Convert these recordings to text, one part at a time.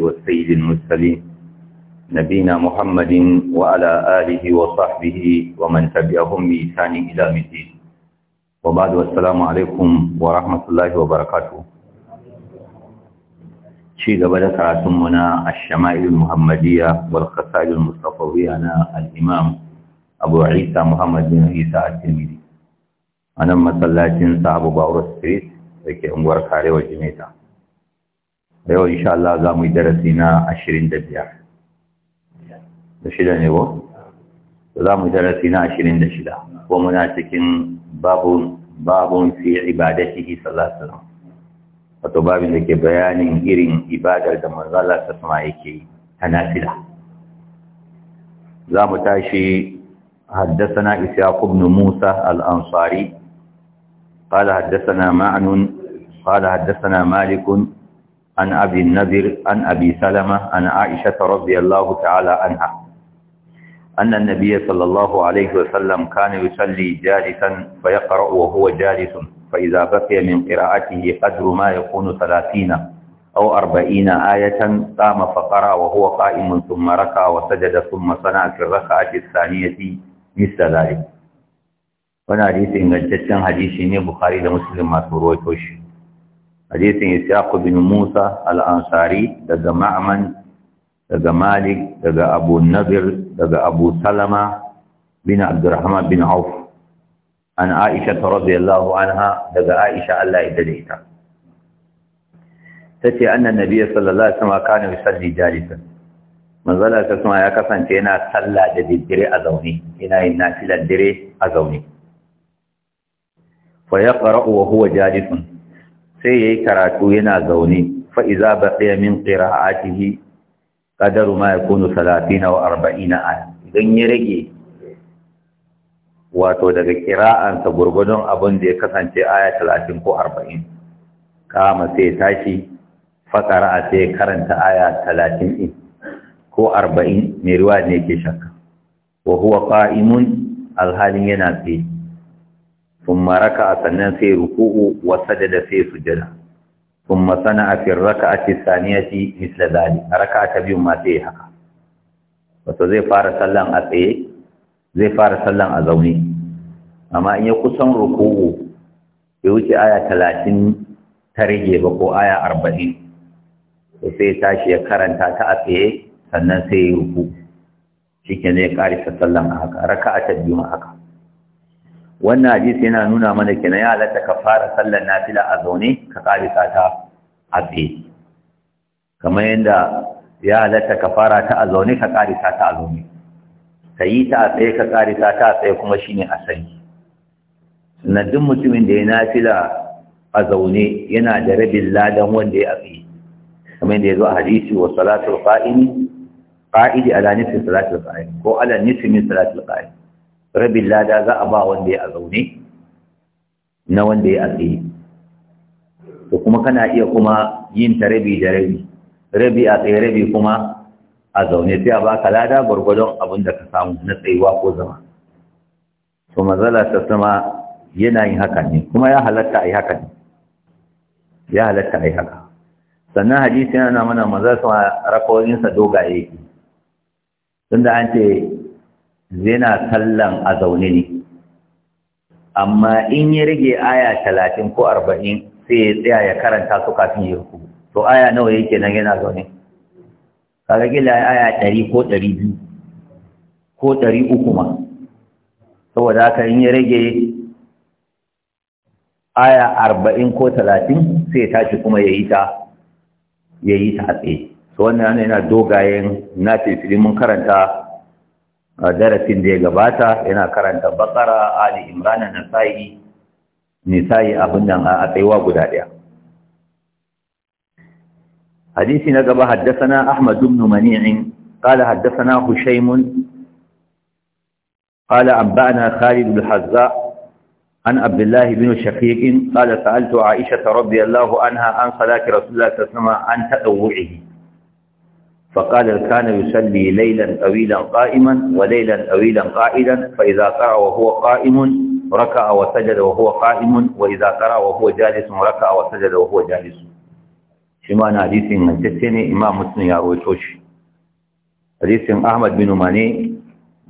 والسيد المرسلين نبينا محمد وعلى آله وصحبه ومن تبعهم بإحسان إلى الدين وبعد والسلام عليكم ورحمة الله وبركاته شيء قبل كراتمنا الشمائل المحمدية والخصائل المصطفوية أنا الإمام أبو عيسى محمد بن عيسى الترمذي أنا مسلاتين صاحب باور ستريت لكي أمور كاري وجميتا da yau insha Allah za mu yi darasi na ashirin da biyar da shida ne ba? za mu yi darasi na ashirin da shida ko muna cikin babun fi ibadatihi sallallahu wato babin da ke bayanin irin ibadar da manzala ta sama yake ta nafila za mu tashi حدثنا إسياق بن موسى الأنصاري قال حدثنا معن قال حدثنا مالك عن أبي النذر عن أبي سلمة عن عائشة رضي الله تعالى عنها أن النبي صلى الله عليه وسلم كان يصلي جالسا فيقرأ وهو جالس فإذا بقي من قراءته قدر ما يكون ثلاثين أو أربعين آية قام فقرأ وهو قائم ثم ركع وسجد ثم صنع في الركعة الثانية مثل ذلك. وانا حديث إن جدتن حديث بخاري لمسلم ما تروي hadisin Ishaq bin Musa al-Ansari daga Ma'man daga Malik daga Abu Nadir daga Abu Salama bin Abdurrahman bin Auf an Aisha radiyallahu anha daga Aisha Allah ya dade ta tace annan nabi sallallahu alaihi wasallam kana yusalli jalisan manzala ta kuma ya kasance yana sallah da diddire a zaune yana yin nafilar dire a zaune fa yaqra'u wa huwa jalisun sai ya yi karatu yana zaune fa'iza ba baqiya min qira'atihi qadaru ma yakunu 30 wa 40 aya idan ya rage wato daga kira'ansa gurgudun abin da ya kasance aya talatin ko arba'in kama sai tashi fakara a sai karanta aya talatin ɗin ko arba'in mai ruwa ne ke shakka wa huwa fa'imun alhalin yana tsaye ثم ركع سنن سي ركوع وسجد سي سجد ثم صنع في الركعة الثانية مثل ذلك ركعة بيو ما سي حقا wato zai fara sallan a tsaye zai fara sallan a zaune amma in ya kusan ruku'u ya wuce aya talatin ta rage ba ko aya arba'in sai ya tashi ya karanta ta a tsaye sannan sai ya yi ruku shi ke ne ya ƙarisa sallan a haka raka a ta biyu haka wannan hadisi yana nuna mana kenan ya halatta ka fara sallar nafila a zaune ka karisa ta a tsaye kamar yadda ya halatta ka fara ta a zaune ka karisa ta a zaune ka yi ta a tsaye ka karisa ta a tsaye kuma shine asali sannan duk mutumin da ya nafila a zaune yana da rabin ladan wanda ya tsaye kamar yadda ya zo a hadisi wa salatul qa'imi qa'idi ala nisfi salatul qa'im ko ala nisfi min salatul qa'im rabin lada za a ba wanda ya a zaune na wanda ya a tsaye to kuma kana iya kuma yin ta rabi da rabi rabi a tsaye rabi kuma a zaune sai a baka lada gwargwadon abin da ka samu na tsayuwa ko zama to mazala ta sama yana yin haka ne kuma ya halatta a yi haka ne ya halatta a yi haka sannan hadisi yana mana mazala sama rakawoyinsa dogaye tunda an ce yana sallan a zaune ne amma in ya rage aya talatin ko arba'in sai ya tsaya ya karanta su kafin ya ruku to aya nawa yake nan yana zaune kaga gila aya ɗari ko ɗari biyu ko ɗari uku ma saboda haka in ya rage aya arba'in ko talatin sai tashi kuma ya yi ta ya yi ta a tsaye so wannan yana dogayen na filfili mun karanta a darasin da ya gabata yana karanta bakara ali imrana nasa'i nisa'i abin nan a tsayuwa guda ɗaya hadisi na gaba haddasana ahmad ibn mani'in qala haddasana hushaymun qala anba'ana khalid al-hazza عن عبد الله بن qala sa'altu aisha عائشة رضي الله عنها عن صلاة رسول الله صلى الله فقال كان يصلي ليلا طويلا قائما وليلا طويلا قائدا فإذا قرأ وهو قائم ركع وسجد وهو قائم وإذا قرأ وهو جالس ركع وسجد وهو جالس شما حديث من تتني إمام مسلم يرويتوش حديث أحمد بن ماني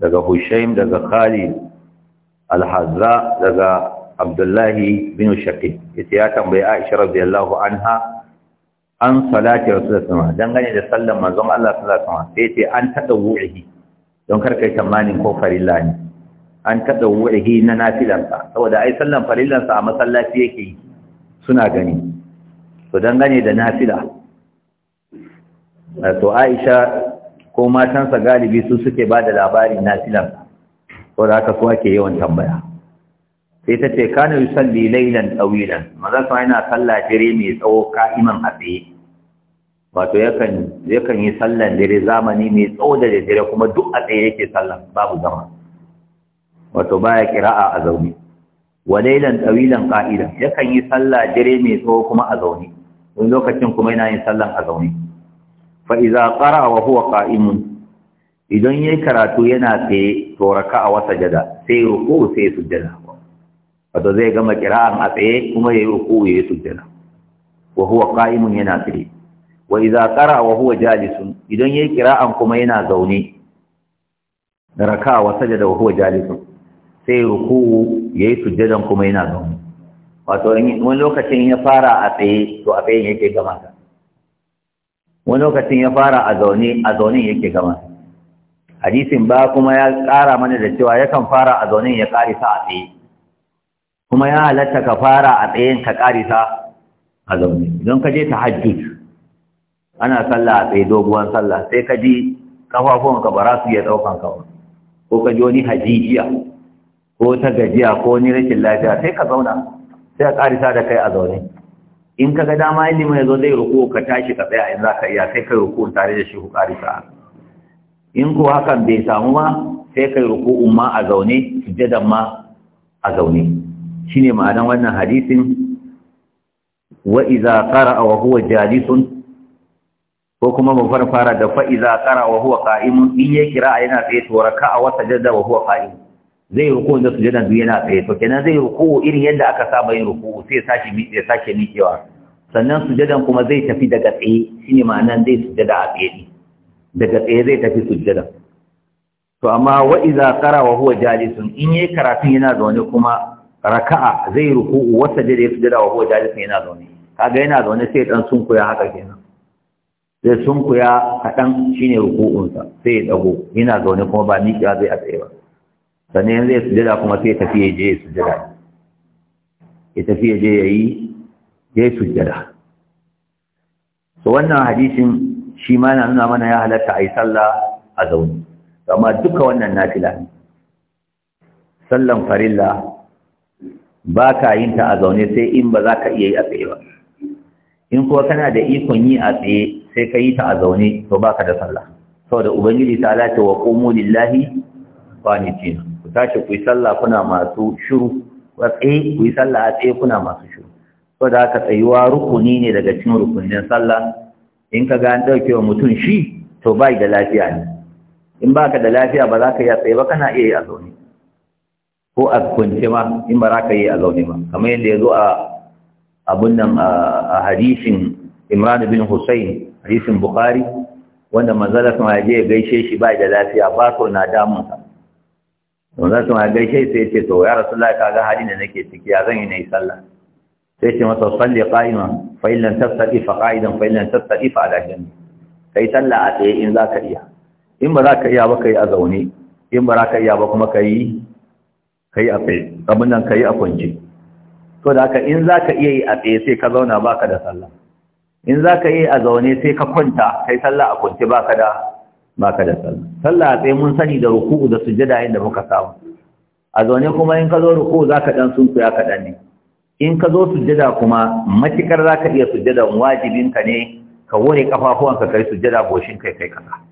daga Hushaim daga Khalid Al-Hazza daga Abdullahi bin Shaqi yace ya tambaye Aisha radiyallahu anha an salati rasul sama dangane da sallan manzon Allah sallallahu alaihi wasallam sai ce an wuhi don kar kai tamanin ko farilla ne an wuhi na nafilansa saboda ai sallan sa a masallaci yake yi suna gani to dangane da nafila to Aisha ko matansa galibi su suke ba da labarin nafilan ko da haka kuwa ke yawan tambaya sai ta ce kana yusalli lailan tsawilan maza su yana sallah dare mai tsawo ka'iman a tsaye wato yakan yakan yi sallan dare zamani mai tsawo da dare kuma duk a tsaye yake sallan babu zama wato baya kiraa a zaune wa laylan tawilan qa'idan yakan yi salla dare mai tsawo kuma a zaune wani lokacin kuma yana yin sallan a zaune fa iza qara'a wa huwa qa'imun idan yayi karatu yana tsaye to raka'a wa sajada sai ruku sai sujjada wato zai gama kira'an a tsaye kuma yayi ruku yayi sujjada wa huwa qa'imun yana tsaye wa idza qara wa huwa jalisun idan yayi qira'an kuma yana zaune raka'a wa sajada wa huwa jalisun sai ruku'u yayi sujjadan kuma yana zaune wato wani lokacin ya fara a tsaye to a tsaye yake gama wani lokacin ya fara a zaune a zaune yake gama hadisin ba kuma ya ƙara mana da cewa yakan fara a zaune ya ƙarisa a tsaye kuma ya halatta ka fara a tsayen ka ƙarisa a zaune idan ka je tahajjud ana sallah a tsaye doguwan sallah sai ka ji kafafuwanka ba za su iya ɗaukan ka ba ko ka ji wani hajijiya ko ta gajiya ko wani rashin lafiya sai ka zauna sai ka ƙarisa da kai a zaune in ka ga dama yin ya zo zai ruku ka tashi ka tsaya in za ka iya sai kai ruku tare da shi ku ƙarisa in ko hakan bai samu ma sai kai ruku umma a zaune sujjadan ma a zaune shine ma'anan wannan hadisin wa idza qara'a wa huwa jalisun ko kuma mu farfara da fa iza qara wa huwa qa'im in ya kira yana tsaye to raka'a wa sajada wa huwa qa'im zai ruku da sujada duk yana tsaye to kenan zai ruku irin yadda aka saba yin ruku sai sake mi sai sake mikewa sannan sujadan kuma zai tafi daga tsaye shine ma'anan zai sujada a tsaye daga tsaye zai tafi sujada to amma wa iza qara wa huwa jalisun in yayi karatun yana zaune kuma raka'a zai ruku wa sajada ya sujada wa huwa jalisun yana zaune kaga yana zaune sai dan sunkuya haka kenan zai sunkuya kaɗan shine ruku'unsa sai ya ɗago yana zaune kuma ba miƙiya zai a tsaye ba sannan zai sujada kuma sai ya tafi ya je ya sujada ya tafi ya je ya yi ya yi sujada so wannan hadisin shi ma na nuna mana ya halatta a yi sallah a zaune amma duka wannan nafila ne sallan farilla ba ka yin ta a zaune sai in ba za ka iya yi a tsaye ba in kuwa kana da ikon yi a tsaye sai ka yi ta a zaune to baka da sallah saboda ubangiji ta lati wa qumu lillahi qanitin ku tashi ku yi sallah kuna masu shiru wa tsaye ku yi sallah a tsaye kuna masu shiru saboda haka tsayuwa rukuni ne daga cikin rukunin sallah in ka ga an dauke wa mutum shi to bai da lafiya ne in baka da lafiya ba za ka yi tsaye ba kana iya yi a zaune ko a kwance ma in ba za ka yi a zaune ba kamar yadda ya zo a abun nan a hadisin imran bin hussein hadisin bukhari wanda manzala sun haje ya gaishe shi ba da lafiya ba ko na damunsa sa manzala sun haje gaishe sai ya ce to ya rasulullahi ga halin da nake ciki ya zan yi yi sallah sai ce masa salli qa'iman fa in lam tastati fa qa'idan fa in lam tastati fa ala janbi kai sallah a tsaye in za ka iya in ba za ka iya ba kai a zaune in ba za ka iya ba kuma kai kai a tsaye abin nan kai a kwance to da haka in za ka iya yi a tsaye sai ka zauna ba ka da sallah in za ka yi a zaune sai ka kwanta kai sallah a kwanci ba ka da sallah sallah a tsaye mun sani da ruku'u da sujjada inda muka samu a zaune kuma in ka zo ruku'u za ka ɗan sunkuya kaɗan ne in ka zo sujjada kuma matikar za ka iya sujjada wajibinka ne ka ware kafafuwanka kai sujjada goshin kai kai kasa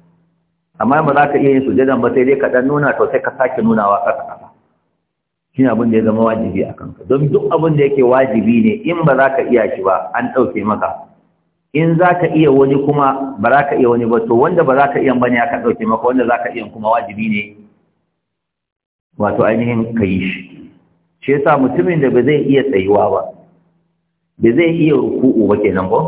amma ba za ka iya yin sujjadan ba sai dai ka ɗan nuna to sai ka sake nunawa ƙasa ƙasa shi abin da ya zama wajibi a kanka don duk abin da yake wajibi ne in ba za ka iya shi ba an ɗauke maka in za ka iya wani kuma ba za ka iya wani ba to wanda ba za ka iya bane aka ɗauke maka wanda za ka iya kuma wajibi ne wato ainihin ka yi shi shi yasa mutumin da ba zai iya tsayuwa ba ba zai iya ruku'u ba kenan ba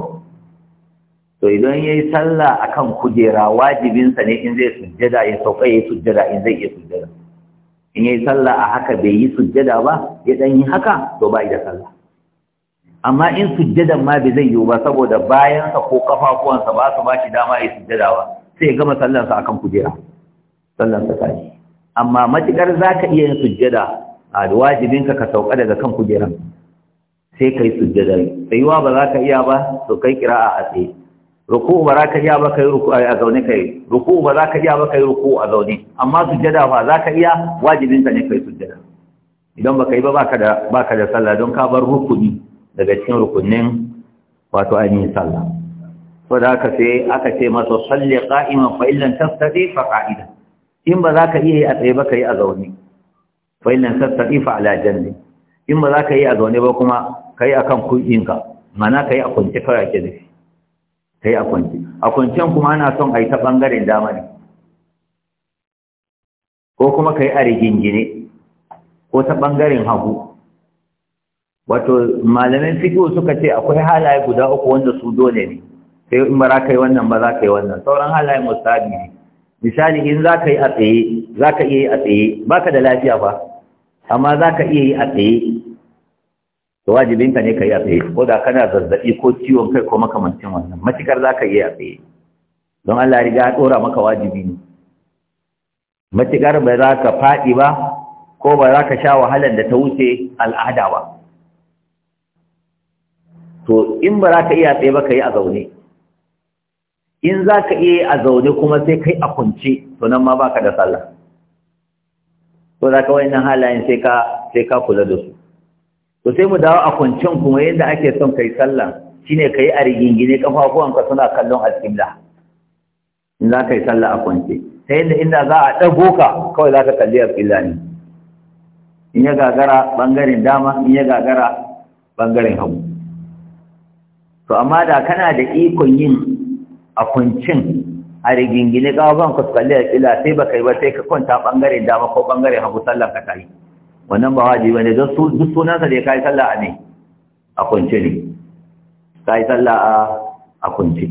to idan yayi sallah akan kujera wajibinsa ne in zai sujjada ya sauka ya sujjada in zai iya sujjada in yayi sallah a haka bai yi sujjada ba ya dan yi haka to ba da sallah amma in sujjadan ma bai zai yiwu ba saboda bayansa ko kafafuwansa ba su ba shi dama ya sujjada ba sai ya gama sallansa akan kujera sallansa ta shi amma matukar za ka iya yin sujjada a wajibinka ka sauka daga kan kujeran sai ka yi sujjada tsayuwa ba za ka iya ba to kai kira a tsaye ruku ba za ka iya ba kai ruku a zaune yi ruku ba za ka iya ba kai ruku a zaune amma sujjada ba za ka iya wajibinka ne kai sujjada idan baka yi ba baka da da sallah don ka bar rukuni daga cikin rukunin wato ainihin sallah Ko da aka sai aka ce masa salli qa'iman fa illan tastati fa qa'ida in ba za ka iya yi a tsaye ba ka yi a zaune fa illan tastati fa ala janbi in ba za ka yi a zaune ba kuma ka yi akan kuɗinka mana ka yi a kwance kawai ake nufi ka yi a kwance a kwancen kuma ana son a yi ta ɓangaren dama ne ko kuma ka yi a rigingine ko ta ɓangaren hagu wato malamin fiqh suka ce akwai halaye guda uku wanda su dole ne sai in ba za ka yi wannan ba za ka yi wannan sauran halaye musabi ne misali in za ka yi a tsaye za ka iya yi a tsaye ba ka da lafiya ba amma za ka iya yi a tsaye to wajibinka ne ka yi a tsaye ko da kana zazzabi ko ciwon kai ko makamancin wannan matukar za ka yi a tsaye don Allah ya riga ya ɗora maka wajibi ne matukar ba za ka faɗi ba ko ba za ka sha wahalar da ta wuce al'ada ba to in ba za ka iya tsaye ba ka yi a zaune in za ka iya a zaune kuma sai kai a kunce to nan ma baka da sallah to za ka wani halayen sai ka sai ka kula da su to sai mu dawo a kuncen kuma yadda ake son kai sallah shine kai a rigingine kafafuwanka suna kallon alƙibla in za ka yi sallah a kunce ta yadda inda za a ɗago ka kawai za ka kalli alƙibla ne in ya gagara ɓangaren dama in ya gagara ɓangaren hagu to amma da kana da ikon yin a kuncin a rigingine gawan ku kalli da kila sai baka yi ba sai ka kwanta bangare dama ko bangare hagu sallar ka tayi wannan ba wajibi ne don su duk sunan sa da kai sallah ne a kunce ne kai sallah a a kunce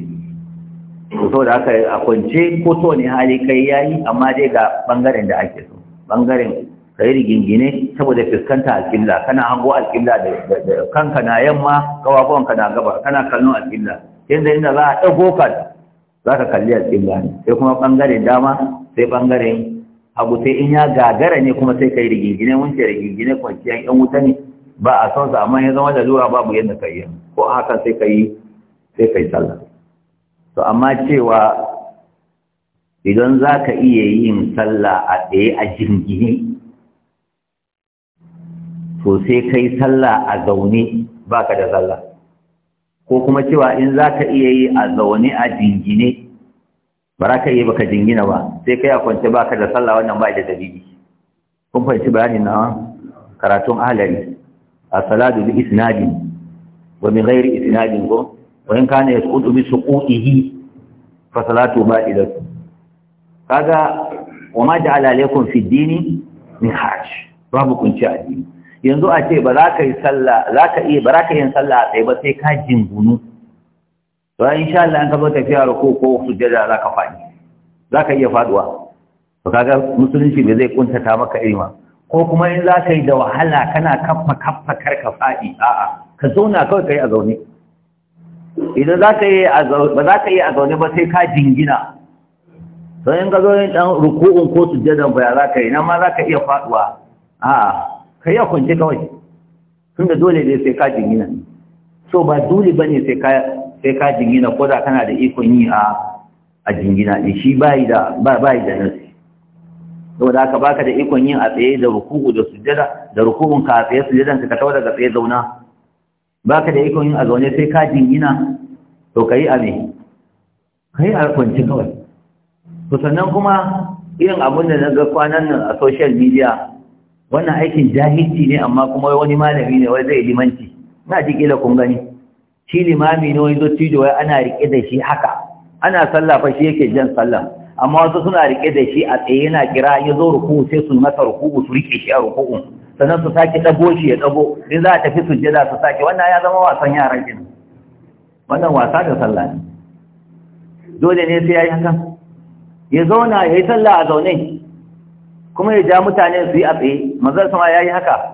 to da haka a kunce ko to ne hali kai yayi amma dai ga bangaren da ake so bangaren kai rigingine saboda fuskanta alƙilla kana hango alƙilla da kanka na yamma ka na gaba kana kallon alƙilla yanzu inda za a ɗago ka za ka kalli alƙilla ne sai kuma ɓangaren dama sai ɓangaren hagu sai in ya gagara ne kuma sai kai rigingine wuce rigingine kwanciyar yan wuta ne ba a son sa amma ya zama da lura babu yadda ka yi ko a haka sai ka yi sai ka yi sallah to amma cewa idan za ka iya yin sallah a tsaye a jirgin. to sai kai sallah a zaune baka da sallah ko kuma cewa in za ka iya yi a zaune a jingine ba za ka iya baka jingina ba sai kai a kwance baka da sallah wannan ba da dalili kun fahimci bayanin na karatun ahlari a salatu bi isnadin wa bi ghairi isnadin go wa in kana yasqutu bi suqutihi fa salatu ba'idatu kaga wa ma ja'ala alaykum fi dini min hajj babu kunci addini yanzu a ce ba za ka yi sallah za ka iya ba za ka yi sallah a tsaye ba sai ka jingunu to in insha Allah an ka zo fiya ruku ko sujjada za ka faɗi za ka iya faduwa to kaga musulunci bai zai kuntata maka ilma ko kuma in za ka yi da wahala kana kaffa kaffa kar ka faɗi a'a ka zauna kawai ka yi a zaune idan za ka yi a zaune ba za ka yi a zaune ba sai ka jingina to in ka zo yin ruku'un ko sujjadan ba ya za ka yi nan ma za ka iya faduwa a'a ka yi a kwance kawai tun da dole ne sai ka jingina so ba dole ba ne sai ka jingina ko da kana da ikon yi a jingina ne shi yi da nasi saboda haka baka da ikon yin a tsaye da rukuku da sujjada da rukukun ka a tsaye sujjadan ka tawo daga tsaye zauna baka da ikon yin a zaune sai ka jingina to ka yi a me ka yi a kwance kawai to sannan kuma irin abin da na ga kwanan nan a social media wannan aikin jahilci ne amma kuma wani malami ne wai zai limanci na ji da kun gani shi limami ne wani dottijo wai ana rike da shi haka ana sallah fa shi yake jan sallah amma wasu suna rike da shi a tsaye yana kira ya zo ruku sai su masa ruku su rike shi a ruku, sannan su sake dago shi ya dago in za a tafi sujjada su sake wannan ya zama wasan yaran kin wannan wasa da sallah ne dole ne sai ya yi hakan ya zauna ya yi sallah a zaune kuma ya ja mutane su yi a tsaye sama ya yi haka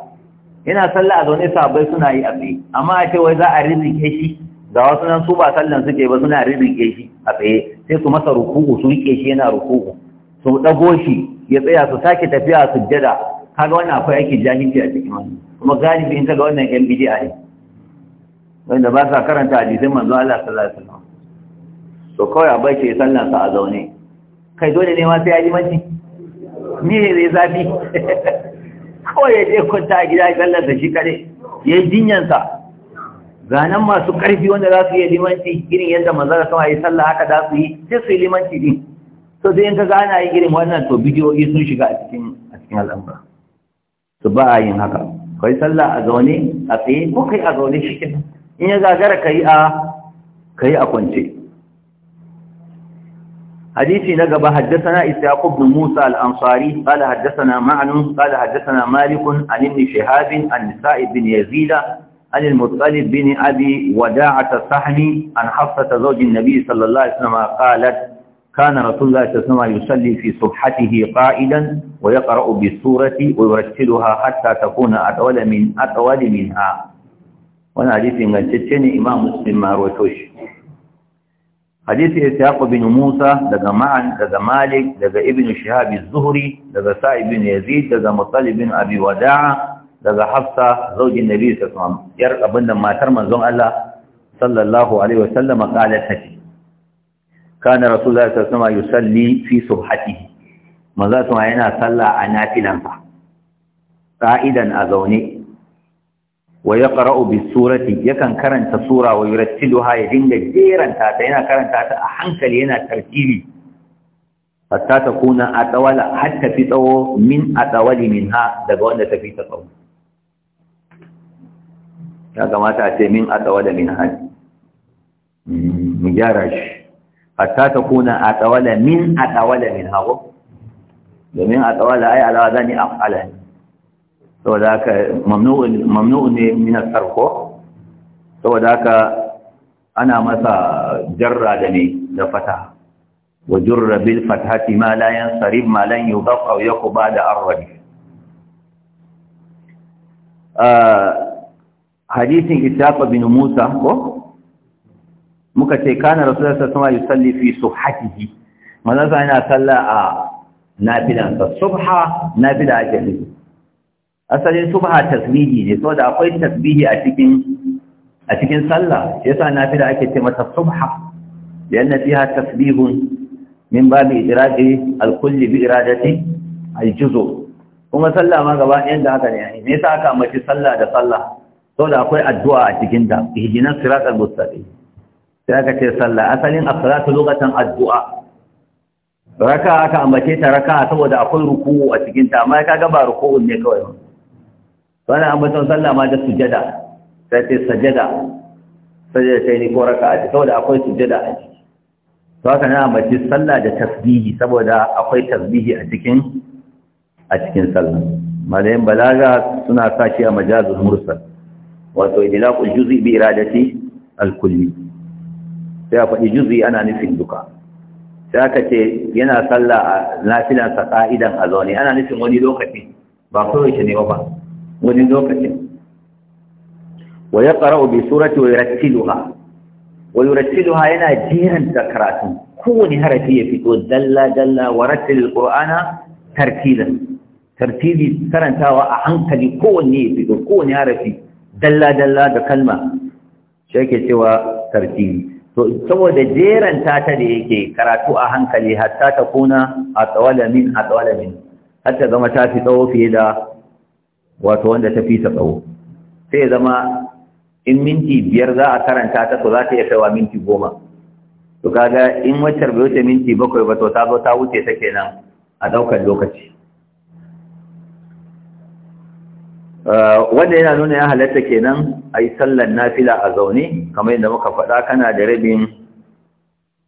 yana salla a zaune sabai suna yi a amma a ce wai za a rizike shi ga wasu nan su ba sallan suke ba suna rizike shi a tsaye sai su masa rukuku su rike shi yana rukuku. su dago shi ya tsaya su sake tafiya jada kaga wannan akwai aiki jahilci a cikin wani. kuma galibi in kaga wannan yan a ne wanda ba sa karanta hadisin manzo Allah sallallahu alaihi wasallam to kawai a bai ce sallan sa a zaune kai dole ne ma sai ya yi manci ni ne zai zafi kawai ya je kwanta a gida sallarsa shi kare ya yi jinyansa ganan masu ƙarfi wanda za su yi limanci irin yadda manzara sama yi sallah haka za su yi sai su yi limanci din so sai ka gana yi irin wannan to yi sun shiga a cikin a cikin al'amura su ba a yin haka kai sallah a zaune a tsaye ko kai a zaune shi in ya gagara kai a kai a kwance حديثي نقب حدثنا إساق بن موسى الأنصاري قال حدثنا معن قال حدثنا مالك عن ابن شهاب عن نساء بن يزيد عن المطلب بن أبي وداعة الصحمي عن حفصة زوج النبي صلى الله عليه وسلم قالت كان رسول الله صلى الله عليه وسلم يصلي في صبحته قائدا ويقرأ بالسورة ويرتلها حتى تكون أطول من أطول منها وانا حديث من الشيخ إمام مسلم ما روتوش hadisi ishaq bin musa daga ma'an daga malik daga ibn shihab az-zuhri daga sa'id bin yazid daga mutalib bin abi wada'a daga hafsa zaujin nabi sallallahu alaihi wasallam yar abinda matar manzon Allah sallallahu alaihi wasallam qalat hati kana rasulullahi sallallahu alaihi wasallam yusalli fi subhatihi manzo yana sallah a nafilansa qa'idan a zaune wa ya ƙara'u bis surati yakan karanta sura wa yurattiluha ya dinga jeranta ta yana karanta ta a hankali yana tartibi hatta takuna atawala hatta fi tsawo min a tsawali min ha daga wanda ta fi ta tsawo ya kamata a ce min a min ha, mu gyara shi hatta takuna atawala min a atawala minha domin a atawala ai alawa zani af'ala وذاك ممنوع ممنوع من الترخو وذاك انا مسا جر دني لفتح وجر بالفتحة ما لا ينصرب ما لن يبقى او يكو بعد الرد حديث إساق بن موسى مكا كان رسول الله صلى الله عليه وسلم يصلي في صحته ماذا أنا صلى نابلا فالصبح نابلا أجل asalin subha tasbihi ne saboda akwai tasbihi a cikin a cikin sallah yasa da ake ce mata subha lianna fiha tasbihun min babi idradi al-kull bi iradati al-juz' kuma sallah ma gaba ɗayan da haka ne me yasa aka mace sallah da sallah saboda akwai addu'a a cikin ta ihdinas siratal mustaqim sai aka ce sallah asalin as-salatu lughatan addu'a raka aka ambace ta raka saboda akwai ruku'u a cikin ta amma ka kaga ba ruku'u ne kawai ba wannan ambaton sallah ma da sujada sai ce sajada sajada sai ni ko a ce saboda akwai sujada a ciki to haka na mace sallah da tasbihi saboda akwai tasbihi a cikin a cikin sallah malayin balaga suna sa shi a majazul mursal wato idlaqul juz'i bi iradati al sai a faɗi juz'i ana nufin duka sai aka ce yana sallah a nafilansa ka'idan a zaune ana nufin wani lokaci ba kawai shi ne ba wani lokacin wa ya ƙara'u bi surati wa yurattiluha wa yurattiluha yana jiranta karatun kowane harafi ya fito dalla dalla wa rattilil qur'ana tartilan tartili karantawa a hankali kowanne ya fito kowane harafi dalla dalla da kalma shi yake cewa tartili to saboda jeranta ta da yake karatu a hankali hatta ta kuna a tsawala min a tsawala min hatta zama ta fi tsawo fiye da wato wanda ta fi ta tsawo sai ya zama in minti biyar za a karanta ta to za ta iya kaiwa minti goma to kaga in waccar bai wuce minti bakwai ba to ta zo ta wuce ta kenan a ɗaukar lokaci uh, wanda yana nuna ya halatta kenan a yi sallar nafila a zaune kamar yadda muka faɗa kana da rabin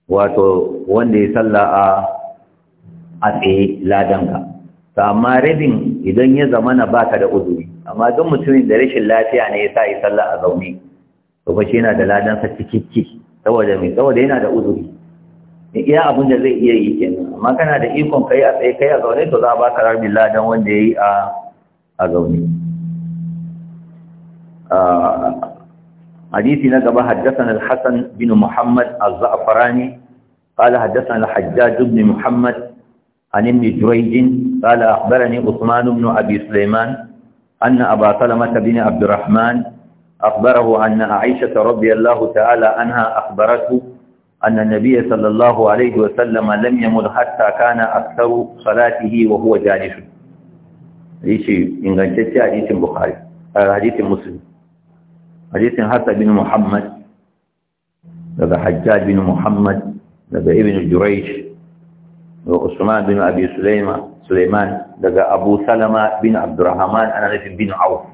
wato wanda ya salla a a tsaye ladanka to amma rabin idan ya zama na baka da uzuri amma don mutumin da rashin lafiya ne ya sa yi sallah a zaune to ba shi yana da ladansa cikikki saboda mai saboda yana da uzuri in iya abin da zai iya yi kenan amma kana da ikon kai a tsaye kai a zaune to za a baka rabin ladan wanda ya yi a zaune حديث نقب حدثنا الحسن بن محمد الزعفراني قال حدثنا الحجاج بن محمد عن ابن جريج قال أخبرني عثمان بن أبي سليمان أن أبا سلمة بن عبد الرحمن أخبره أن عائشة رضي الله تعالى عنها أخبرته أن النبي صلى الله عليه وسلم لم يمل حتى كان أكثر صلاته وهو جالس ريشي إن غنشتي حديث البخاري حديث مسلم حديث حتى بن محمد لذا حجاج بن محمد لذا ابن جريش Usman bin Abi Sulaiman daga Abu Salama bin Abdurrahman ana nufin bin Auf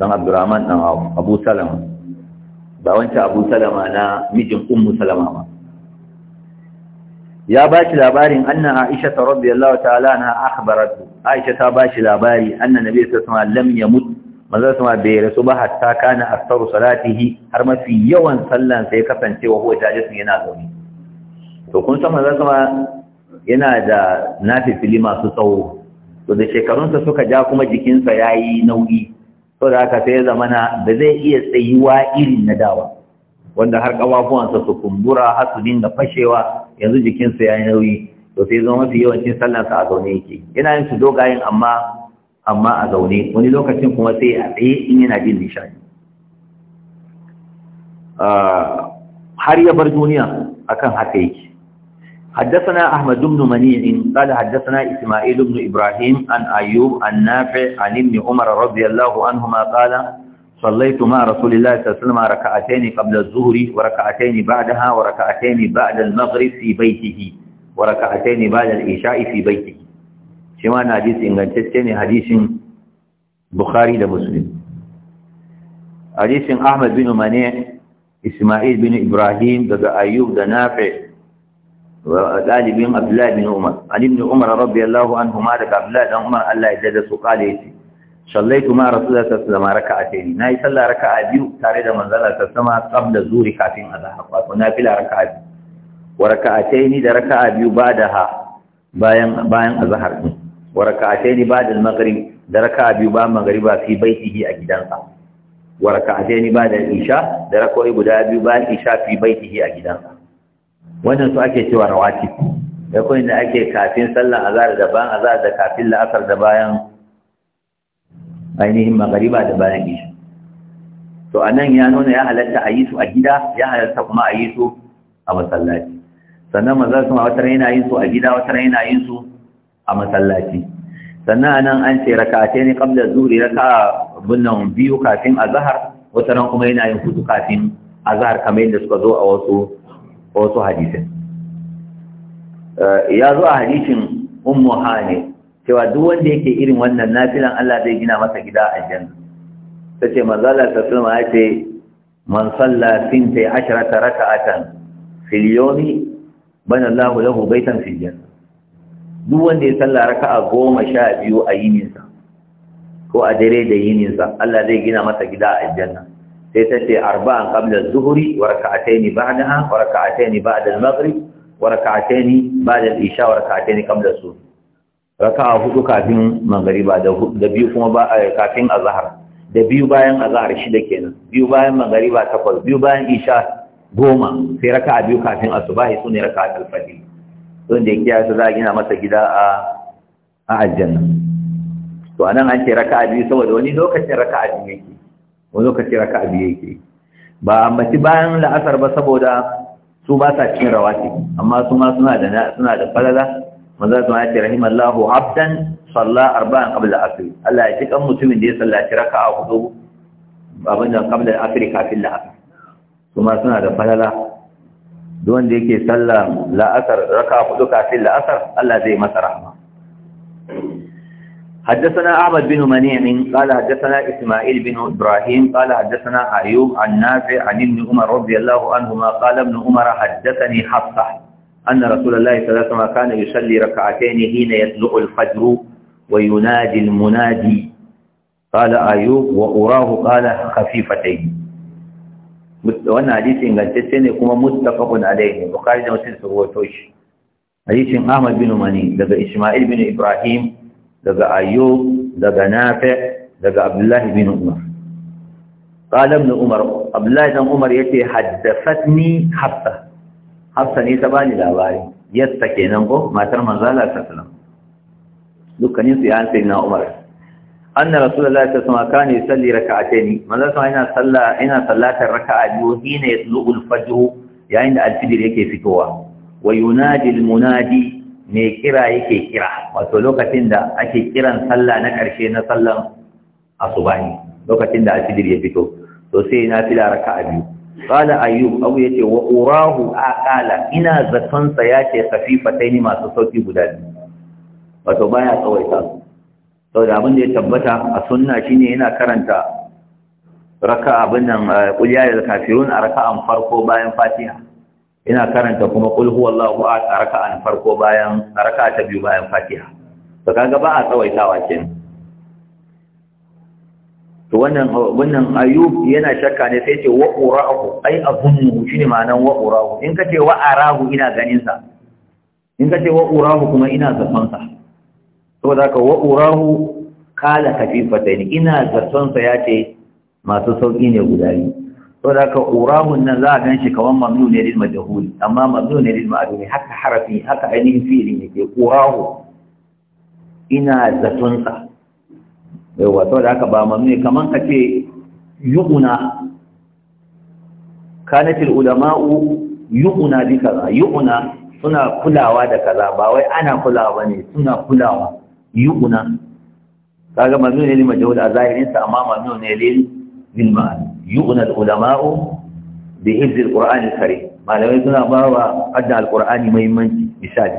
dan Abdurrahman dan Auf Abu Salama ba wancan Abu Salama na mijin Ummu Salama ba ya ba shi labarin anna Aisha ta radhiyallahu ta'ala na akhbaratu Aisha ta ba shi labari anna Nabi sallallahu alaihi wasallam lam yamut manzo sama bai rasu ba hatta kana aktaru salatihi har mafi yawan sallan sai kasancewa huwa tajis yana zaune to kun san manzo sama yana da nafifili masu tsawo to da shekarunsa suka ja kuma jikinsa ya yi nauyi to da haka sai ya zamana da zai iya tsayuwa irin na dawa wanda har ƙawafuwansa su kumbura har su dinga fashewa yanzu jikinsa ya yi nauyi to sai zama mafi yawancin sallansa a zaune yake yana yin su dogayen amma amma a zaune wani lokacin kuma sai a tsaye in yana jin nishadi ah, har ya bar duniya akan haka yake حدثنا أحمد بن منيع قال حدثنا إسماعيل بن إبراهيم عن أيوب عن نافع عن ابن عمر رضي الله عنهما قال صليت مع رسول الله صلى الله عليه وسلم ركعتين قبل الظهر وركعتين بعدها وركعتين بعد المغرب في بيته وركعتين بعد العشاء في بيته شما حديث إنغانتشتين حديث بخاري ومسلم حديث أحمد بن منيع إسماعيل بن إبراهيم ده أيوب نافع ɗalibin abdullahi bin umar an ibn umar rabbi allahu an huma daga abdullahi dan umar allah ya da su kale ya ce sallaitu ma rasulullah sallallahu alaihi wasallam na yi sallah raka'a biyu tare da manzala ta sama da zuri kafin a azhar wato na nafila raka'a biyu wa raka'ataini da raka'a biyu badaha bayan bayan azhar din wa raka'ataini ba'da al-maghrib da raka'a biyu ba magriba fi bai baitihi a gidansa wa raka'ataini ba'da al-isha da raka'a guda biyu bayan isha fi bai baitihi a gidansa wannan su ake cewa rawati da kuma da ake kafin sallan azhar da bayan azhar da kafin la'asar da bayan ainihin magariba da bayan isu to a nan ya nuna ya halatta a yi su a gida ya halatta kuma a yi su a masallaci sannan maza su wata yana yin su a gida wata yana yin su a masallaci sannan nan an ce rakatai ne kabla zuri raka bunan biyu kafin azahar wata ran kuma yana yin hutu kafin azahar kamar yadda suka zo a wasu a wasu hadisin eh, ya zo a hadisin ummu hane cewa duk wanda yake irin wannan nafilan Allah zai gina masa gida a aljanna tace manzo Allah sallallahu alaihi ya ce man salla sinta asharata raka'atan fil yawmi bana Allah lahu baitan fil janna duk wanda ya salla raka'a goma sha biyu a yininsa ko a dare da yininsa Allah zai gina masa gida a aljanna sai ta ce arba'an qabla az-zuhri wa a ba'daha wa rak'atayn ba'da al-maghrib a rak'atayn ba'da al-isha ni kamilar su as raka'a hudu kafin magari ba da biyu kuma ba eh, kafin azahar, da biyu bayan shi shida kenan biyu bayan magari ba takwas biyu bayan isha goma sai raka a biyu kafin asubahi ne raka a fajr don da yake ya za a gina masa gida a a aljanna to anan an ce raka a biyu saboda wani lokacin raka a biyu yake wani lokaci raka biyu yake ba mace bayan la'asar ba saboda su ba sa cikin rawati amma su ma suna da suna da falala manzo sun ce rahimallahu abdan salla arba'an qabla al-asr Allah ya cikan mutumin da ya sallaci raka'a hudu baban da qabla al-asr kafin la'asr su ma suna da falala duk wanda yake salla la'asar raka'a hudu kafin la'asar Allah zai masa rahama حدثنا أحمد بن منيع قال حدثنا إسماعيل بن إبراهيم قال حدثنا أيوب عن نافع عن ابن عمر رضي الله عنهما قال ابن عمر حدثني حفصة أن رسول الله صلى الله عليه وسلم كان يصلي ركعتين حين يطلع الفجر وينادي المنادي قال أيوب وأراه قال خفيفتين wannan hadisi ingantacce ne kuma mustaqabun alaihi bukhari da muslim su rawaito shi hadisin ahmad bin mani daga isma'il bin ibrahim daga ayyub daga nafi daga abdullahi bin umar قال ابن عمر عبد الله بن عمر yace ni hafsa hafsa ne ta bani labari yasta nan ko matar manzo Allah sallallahu dukkanin su ya sai na Umar أن a الله صلى الله عليه وسلم كان يصلي ركعتين ماذا سمعنا صلى هنا صلاة الركعة حين يطلع الفجر يعني الفجر يكي فتوى وينادي المنادي me kira yake kira wato lokacin da ake kiran sallah na ƙarshe na sallan asubahi lokacin da asidir ya fito to sai na fila raka'a biyu qala ayyub abu yace wa urahu aqala ina zaton sa yace ni masu sauki guda biyu wato baya tsawaita su da abin da ya tabbata a sunna shine yana karanta raka'a binan da eh, ya kafirun a raka'an farko bayan fatiha ina karanta kuma qul huwallahu ahad a na farko bayan raka'a ta biyu bayan fatiha to kaga ba a tsawaitawa kenan to wannan wannan ayub yana shakka ne sai ce wa qura'u ai azunnu shine ma'anan wa qura'u in ce wa arahu ina ganin sa in ce wa qura'u kuma ina zaton sa saboda ka wa qura'u kala kafifatayn ina zaton sa yace masu sauki ne guda biyu to da ka urahun nan za a gan shi kawan mamnu ne lil majhul amma mamnu ne lil ma'lum haka harafi haka ainihin fi'ilin yake urahu ina zaton sa yawa to da haka ba mamnu Kamar ka ce yu'una kanat al ulama'u yu'una bi kaza yu'una suna kulawa da kaza ba wai ana kulawa ne suna kulawa yu'una kaga mamnu ne lil majhul a zahirin sa amma mamnu ne lil bil yu'na al ulama'u bi hifz al qur'an al karim malamai suna ba wa adda muhimmanci misali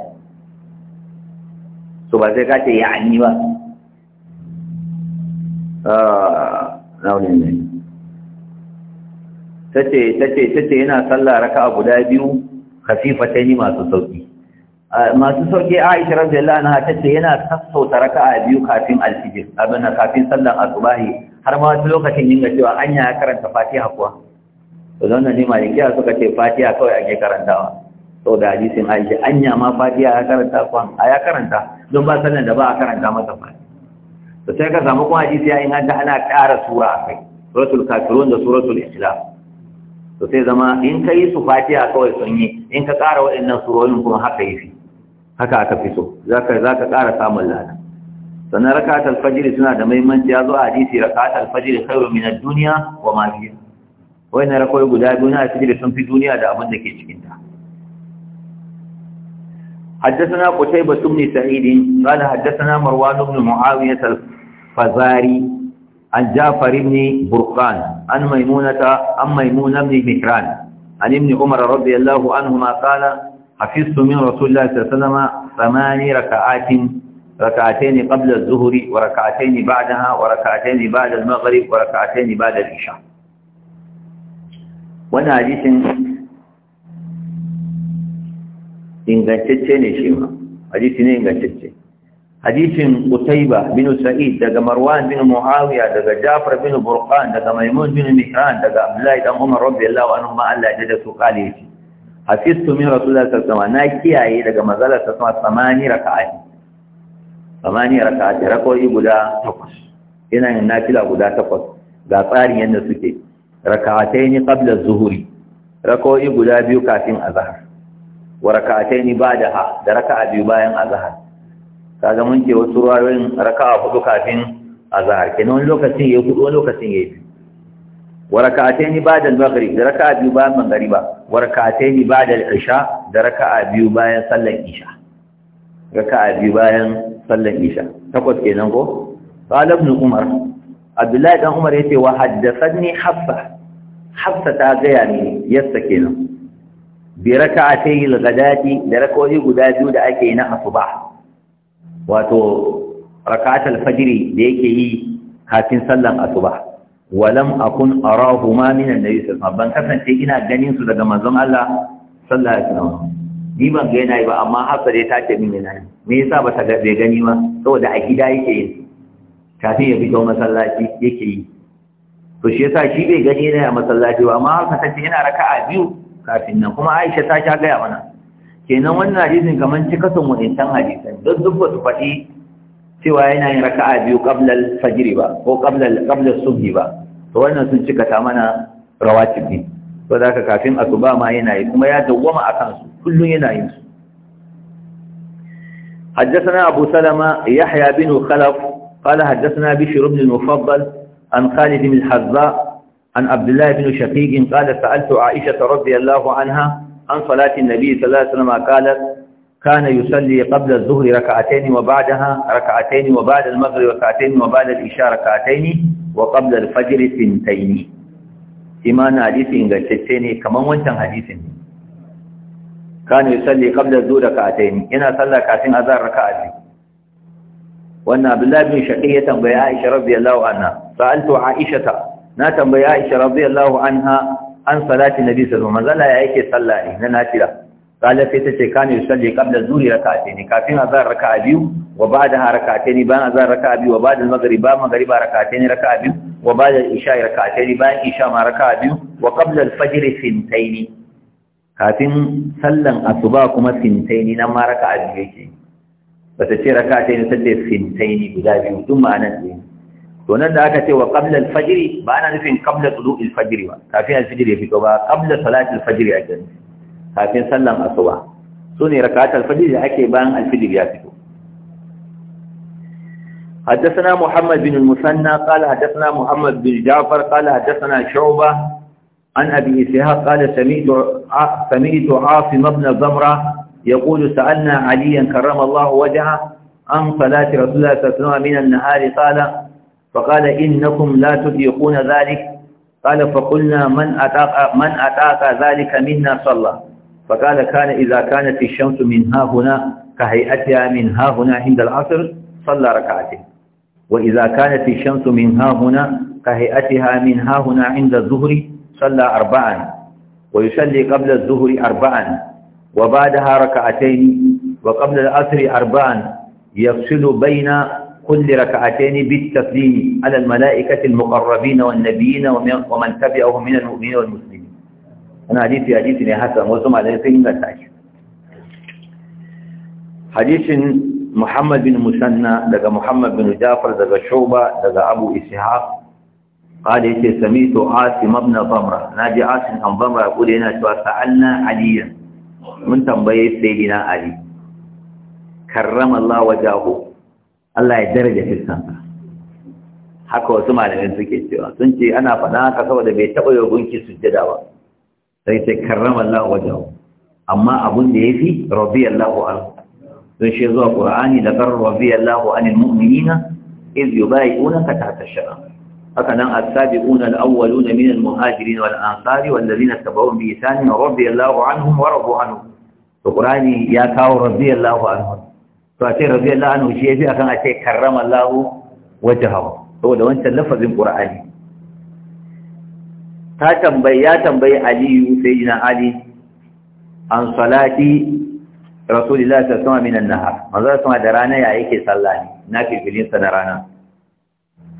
so ba sai ka ce ya'ani ba ah tace tace tace yana sallah raka'a guda biyu khafifataini masu sauki masu sauki Aisha radiyallahu anha tace yana sassauta raka'a biyu kafin alfijir abin kafin sallan asubahi har ma wasu lokacin yin cewa anya ya karanta fatiha kuwa to don nan ne malikiya suka ce fatiha kawai ake karantawa sau da hadisin aisha anya ma fatiha ya karanta kuwa a ya karanta don ba sannan da ba a karanta masa fatiha to sai ka samu kuma hadisi ya inganta ana ƙara sura a kai suratul kafirun da suratul islam to sai zama in ka yi su fatiha kawai sun yi in ka ƙara waɗannan surorin kuma haka yi fi haka aka fi so za ka ƙara samun lada sannan rakat alfajir suna da maimanci ya zo a hadisi rakat alfajir khairu min ad-dunya wa ma fiha wai na rakoi guda biyu na alfajir sun حدثنا قتيبة بن سعيد قال حدثنا مروان بن معاوية الفزاري عن جعفر بن برقان عن ميمونة عن ميمونة بن مكران عن ابن عمر رضي الله عنهما قال حفظت من رسول الله صلى الله عليه وسلم ثماني ركعات ركعتين قبل الظهر وركعتين بعدها وركعتين بعد المغرب وركعتين بعد العشاء وانا حديث انغتتين شيما حديثين انغتتين حديث قتيبة بن سعيد دقى مروان بن معاوية دقى جعفر بن برقان دقى ميمون بن مكران دقى أبلاي دقهم ربي الله وأنهما ألا جدت قاليتي حفظت من رسول الله صلى الله عليه وسلم نايكي آيه دقى مزالة صلى الله ثماني ركعين samaniya raka a rakawai guda takwas yana yin nafila guda takwas ga tsarin yadda suke raka'atai ni qabla zuhuri rakawai guda biyu kafin azahar wa raka'atai ni ba da raka'a biyu bayan azhar kaga mun ce wasu ruwayoyin raka'a hudu kafin azahar kenan wani lokacin ya yi hudu wani lokacin ya yi biyu wa raka'atai ni ba'da da maghrib da raka'a biyu bayan ba. wa raka'atai ni ba'da da isha da raka'a biyu bayan sallar isha raka'a biyu bayan sallan isha takwas kenan ko qala ibn umar abdullahi dan umar yace wa haddathani hafsa hafsa ta gaya ni yassa kenan bi rak'atay al-ghadati da rak'o'i guda biyu da ake yi na asuba wato rak'atul fajri da yake yi kafin sallan asuba walam akun arahuma min an-nabi sallallahu alaihi wasallam ban kasance ina ganin su daga manzon Allah sallallahu alaihi wasallam ni ban ga yana yi ba amma hafsa dai ta ce min yana yi me yasa ba ta bai gani ba saboda a gida yake yi kafin ya fito masallaci yake yi to shi yasa shi bai gani yana a masallaci ba amma hafsa ta ce yana raka'a biyu kafin nan kuma Aisha ta sha gaya mana kenan wannan hadisin kaman cikasan wa'incan hadisan duk duk ba su faɗi cewa yana yin raka'a biyu qablal fajr ba ko qablal qablas subhi ba to wannan sun cika ta mana rawatib ne ba za ka kafin asuba ma yana yi kuma ya dawwama a kansu kullum yana yin su حدثنا أبو سلمة يحيى بن خلف قال حدثنا بشر بن المفضل عن خالد بن الحذاء عن عبد الله بن شقيق قال سألت عائشة رضي الله عنها عن صلاة النبي صلى الله عليه وسلم قالت كان يصلي قبل الظهر ركعتين وبعدها ركعتين وبعد المغرب ركعتين وبعد العشاء ركعتين وقبل الفجر ثنتين imanin hadisi ingantacce ne kamar wancan hadisin ne kanu yusalli qabla zuhr rak'atayn yana sallah kafin azhar raka'a ce wannan abdullahi bin shaqiy ya tambaye aisha radiyallahu anha sa'altu aisha ta. na tambaye aisha radiyallahu anha an salati nabi sallallahu alaihi wasallam manzala yake sallah ne na nafila dalilai ta ce kan yi shalli kabla zuri raka kafin a zan raka biyu wa ba da haraka ce ne zan raka biyu wa ba da magariba magariba raka ce biyu wa ba da isha raka ce ne bayan isha ma biyu wa kabla alfajiri fintai kafin sallan asuba kuma fintai ne nan ma biyu ba ta ce raka ce ne guda biyu tun ma ne to nan da aka ce wa kabla alfajiri ba nufin kabla tudu alfajiri ba kafin alfajiri ya fito ba kabla salatul fajiri a jannu kafin sallan asuba su ne rakatul fajr da ake bayan alfijir ya fito حدثنا محمد بن المثنى قال حدثنا محمد بن جعفر قال حدثنا شعبة عن أبي إسحاق قال سمعت سمعت عاصم بن زمرة يقول سألنا عليا كرم الله وجهه عن صلاة رسول الله صلى الله من النهار قال فقال إنكم لا تطيقون ذلك قال فقلنا من أتاك من أتاك ذلك منا صلى فقال كان إذا كانت الشمس من ها هنا كهيئتها من ها هنا عند العصر صلى ركعتين وإذا كانت الشمس من ها هنا كهيئتها من ها هنا عند الظهر صلى أربعا ويصلي قبل الظهر أربعا وبعدها ركعتين وقبل العصر أربعا يفصل بين كل ركعتين بالتسليم على الملائكة المقربين والنبيين ومن تبعهم من المؤمنين والمسلمين wani hadisi hadisi ne hasan wasu malamai sun inganta shi hadisin Muhammad bin Musanna daga Muhammad bin Jafar daga Shuba daga Abu Ishaq قال يتي سميت عاصم ابن ضمرة ناجي عاصم عن ضمرة يقول هنا سألنا عليا من تنبيه سيدنا علي كرم الله وجهه الله ya في السنة haka wasu malamin suke cewa sun ce ana faɗa haka saboda bai taɓa yabonki sujjada ba sai sai karrama Allah wajahu amma abun da ya fi, yafi radiyallahu anhu don shi zuwa qur'ani da kar radiyallahu anil mu'minina iz yubayi'unaka tahta ash-shajara haka nan as-sabiquna al-awwaluna min al-muhajirin wal ansari wal ladina tabawu bi ihsani radiyallahu anhum wa radu anhu to qur'ani ya kawo radiyallahu anhu to a ce radiyallahu anhu shi yafi akan a ce karrama Allah wajahu saboda wancan lafazin qur'ani ta tambayi ya tambayi aliyu sai na ali an salati rasulillah ta sama minan nahar manzo sama da rana ya yake sallah ne na kifilin sa da rana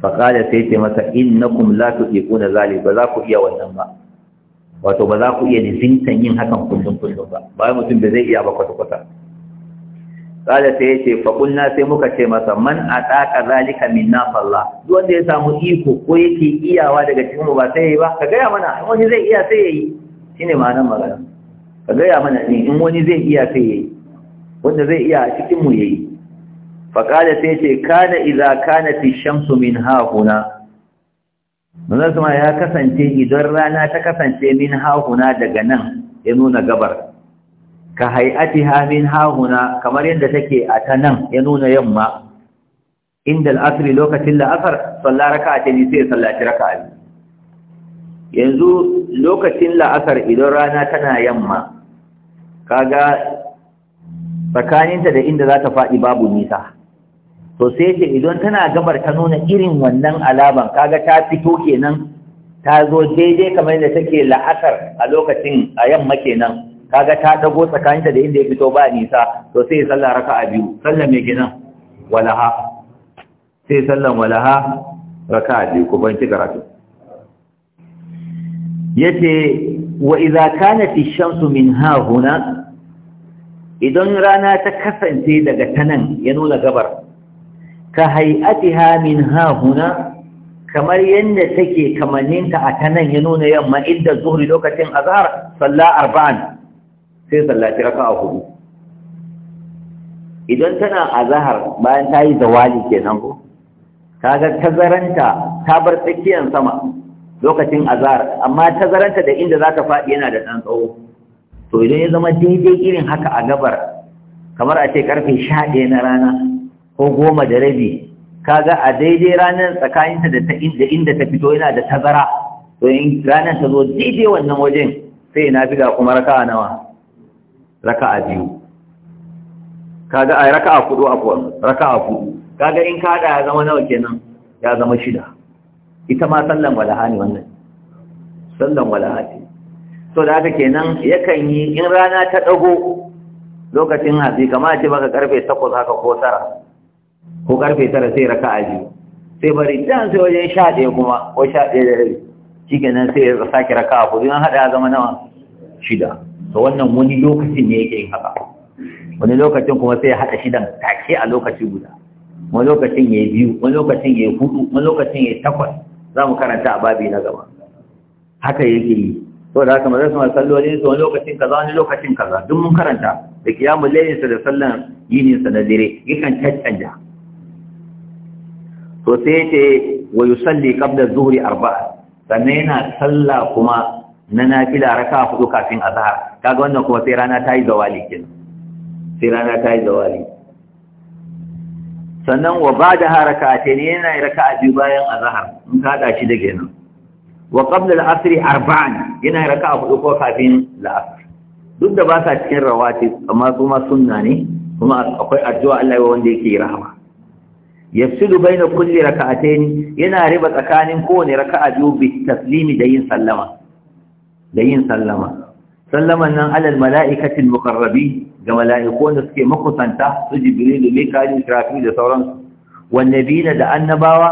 fa qala sai ce masa innakum la tuqiquna zalika ba za ku iya wannan ba wato ba za ku iya nizintan yin hakan kullum kullum ba Bayan mutum da zai iya ba kwata kwata kada sai yace fa kunna sai muka ce masa man ataka zalika minna fallah duk wanda ya samu iko ko yake iyawa daga cikin mu ba sai yayi ba ka gaya mana in wani zai iya sai yayi shine ma'anar magana ka gaya mana ne eh, in wani zai iya sai yayi wanda zai iya cikin mu yayi fa kada sai yace kana idza kana fi shamsu min hahuna manzo ya kasance idan rana ta kasance min hahuna daga nan ya nuna gabar ka hay'ati min hahuna kamar yadda take a ta nan ya nuna yamma inda al'asri lokacin la'asar salla raka a tani sai tsallaci raka a yanzu lokacin la'asar idan rana tana yamma kaga tsakaninta da inda za ta faɗi babu nisa to sai ce idan tana gabar ta nuna irin wannan alaban kaga ta fito kenan ta zo daidai kamar yadda take la'asar a lokacin a yamma kenan kaga ta dago tsakaninta da inda ya fito ba nisa to sai sallah raka'a biyu sallan me kenan walaha sai sallan walaha raka'a biyu ku ban karatu yace wa idza kanat ash-shamsu min huna? idan rana ta kasance daga tanan ya nuna gabar ka hay'atiha min huna? kamar yadda take kamanninta a tanan ya nuna yamma inda zuhri lokacin azhar salla arba'an sai sallaci raka a hudu idan tana azahar bayan ta yi zawali kenan ko kaga tazaranta ta bar tsakiyar sama lokacin azahar amma tazaranta da inda za ta faɗi yana da ɗan tsawo to idan ya zama daidai irin haka a gabar kamar a ce karfe sha ɗaya na rana ko goma da rabi kaga a daidai ranar tsakaninta da inda ta fito yana da tazara to in ranar ta zo daidai wannan wajen sai na fi ga kuma raka nawa raka'a biyu kaga ai raka'a kudu a kuwan raka'a kudu kaga in ka da ya zama nawa kenan ya zama shida ita ma sallan walaha ne wannan sallan walaha ce so da haka kenan yakan yi in rana ta dago lokacin hatsi kamar ce baka karfe 8 haka ko tara ko karfe 9 sai raka'a biyu sai bari dan sai wajen 11 kuma ko 11 da rabi shikenan sai ya sake raka'a kudu in hada ya zama nawa shida to wannan wani lokacin ne yake yin haka wani lokacin kuma sai ya haɗa shidan take a lokaci guda wani lokacin ya yi biyu wani lokacin ya yi hudu wani lokacin ya yi takwas za mu karanta a babi na gaba haka yake yi to da haka mazarsu masu sallolin su wani lokacin kaza wani lokacin kaza duk mun karanta da kiyamun lailinsa da sallan yininsa na dire yakan caccanja to sai ya ce wa yusalli qabla zuhri arba'a sannan yana salla kuma na nafila raka hudu kafin azhar kaga wannan kuma sai rana ta yi zawali kenan sai rana ta yi zawali sannan wa ba da haraka ta ne yana raka a biyu bayan azhar in ka hada shi da kenan wa qabla al-asr arba'an yana raka hudu ko kafin al-asr duk da ba sa cikin rawati amma kuma sunna ne kuma akwai addu'a Allah ya wanda yake rahama yafsidu baina kulli raka'atayn yana riba tsakanin kowane raka'a biyu bi taslimi da yin sallama da yin sallama sallaman nan alal mala'ikatil muqarrabi ga mala'iku wanda suke makusanta su jibrilu mikail israfil da sauransu wan nabiyina da annabawa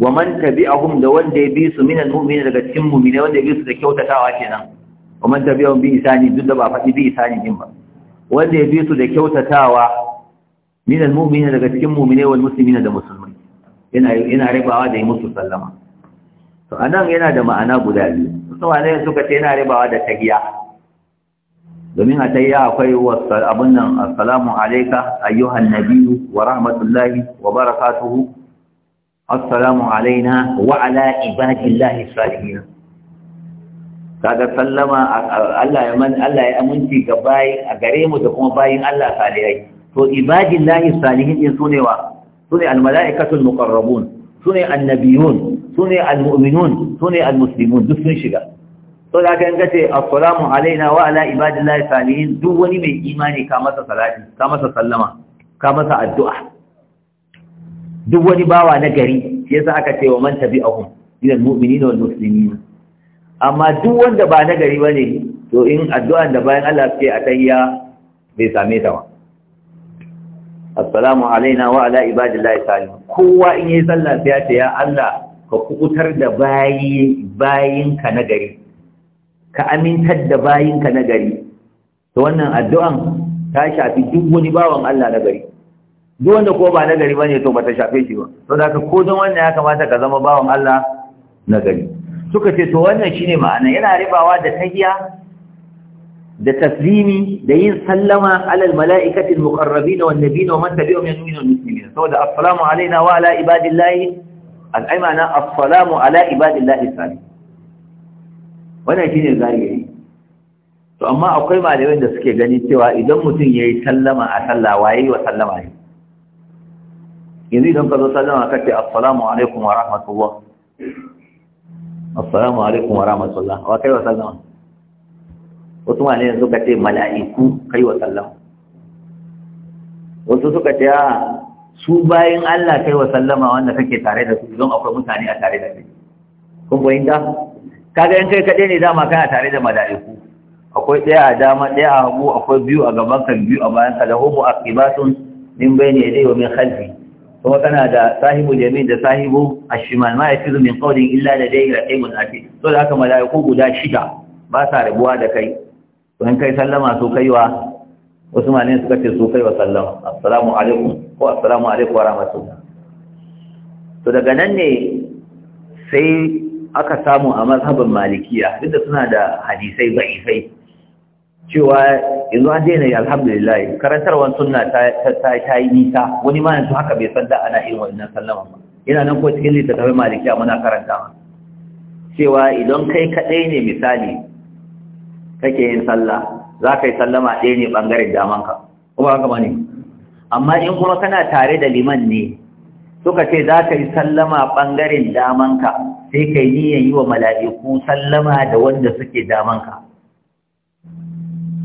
wa man tabi'ahum da wanda ya bi su minal mu'minin daga cikin mu'mini wanda ya bi su da kyautatawa kenan wa man tabi'ahum bi isani duk da ba faɗi bi isani din ba wanda ya bi su da kyautatawa minal mu'minin daga cikin mu'mini wal muslimin da musulmai yana yana rabawa da yi musu sallama to a nan yana da ma'ana guda biyu musamman ne suka ce yana ribawa da tahiya domin a tahiya akwai wasu abun nan assalamu alaika, ayyuhan nabiyu, wa rahmatullahi wa barakatuhu assalamu alaina wa ala ibadillahi salihin kaga sallama Allah ya man Allah ya aminci ga bayi a gare mu da kuma bayin Allah salihai to ibadillahi salihin din sune wa sune almalaikatul muqarrabun sune annabiyun sune almu'minun sune almuslimun duk sun shiga to da kan gace assalamu alaina wa ibadillahi salihin duk wani mai imani ka masa salati ka masa sallama ka masa addu'a duk wani bawa na gari shi yasa aka ce wa man tabi'ahum min almu'minina wal muslimin amma duk wanda ba na gari bane to in addu'an da bayan Allah suke a bai same ta ba alaina ibadillahi kowa in yi sallah ya ce ya Allah ka kubutar da bayi bayinka na gari ka amintar da bayinka na gari to wannan addu'an ta shafi duk wani bawan Allah na gari duk wanda ko ba na gari bane to ba ta shafe shi ba to da ko don wannan ya kamata ka zama bawan Allah na gari suka ce to wannan shine ma'ana yana ribawa da tahiya da taslimi da yin sallama alal mala'ikatil muqarrabin wan nabiyyin wa man tabi'ahum min al-muslimin saboda assalamu alaina wa ala ibadillahi al'aimana assalamu ala ibadillahi sami wannan shi ne zahiri to amma akwai malamin da suke gani cewa idan mutum ya yi sallama a sallah waye wa sallama ne yanzu idan ka zo sallama ka ce assalamu alaikum wa rahmatullah assalamu alaikum wa rahmatullah wa kai wa sallama wasu yanzu suka ce mala'iku kai wa sallama wasu suka ce a su bayan Allah kai wa sallama wanda kake tare da su don akwai mutane a tare da kai kun fahimta kaga 'yan kai kaɗai ne dama kana tare da mala'iku akwai ɗaya a dama ɗaya a hagu akwai biyu a gaban kan biyu a bayan ka lahu mu'aqibatun min bayni yadayhi wa min khalfi kuma kana da sahibu yamin da sahibu ashimal ma yafizu min qawlin illa ladayhi raqibun atid to da haka mala'iku guda shida ba sa rabuwa da kai to kai sallama so kaiwa wasu malin suka ce su kai wa sallama assalamu alaikum ko assalamu alaikum wa rahmatullah to daga nan ne sai aka samu a mazhabin malikiya duk da suna da hadisai ba'ifai cewa yanzu an daina yi alhamdulillah karantarwar sunna ta yi nisa wani ma yanzu haka bai san da ana irin wannan sallama ba Ina nan ko cikin littattafai malikiya muna karanta cewa idan kai kaɗai ne misali kake yin sallah za ka yi sallama ɗaya ne ɓangaren damanka kuma haka ne amma in kuma kana tare da liman ne suka ce za ka yi sallama ɓangaren damanka sai ka yi niyan yi wa mala'iku sallama da wanda suke daman ka.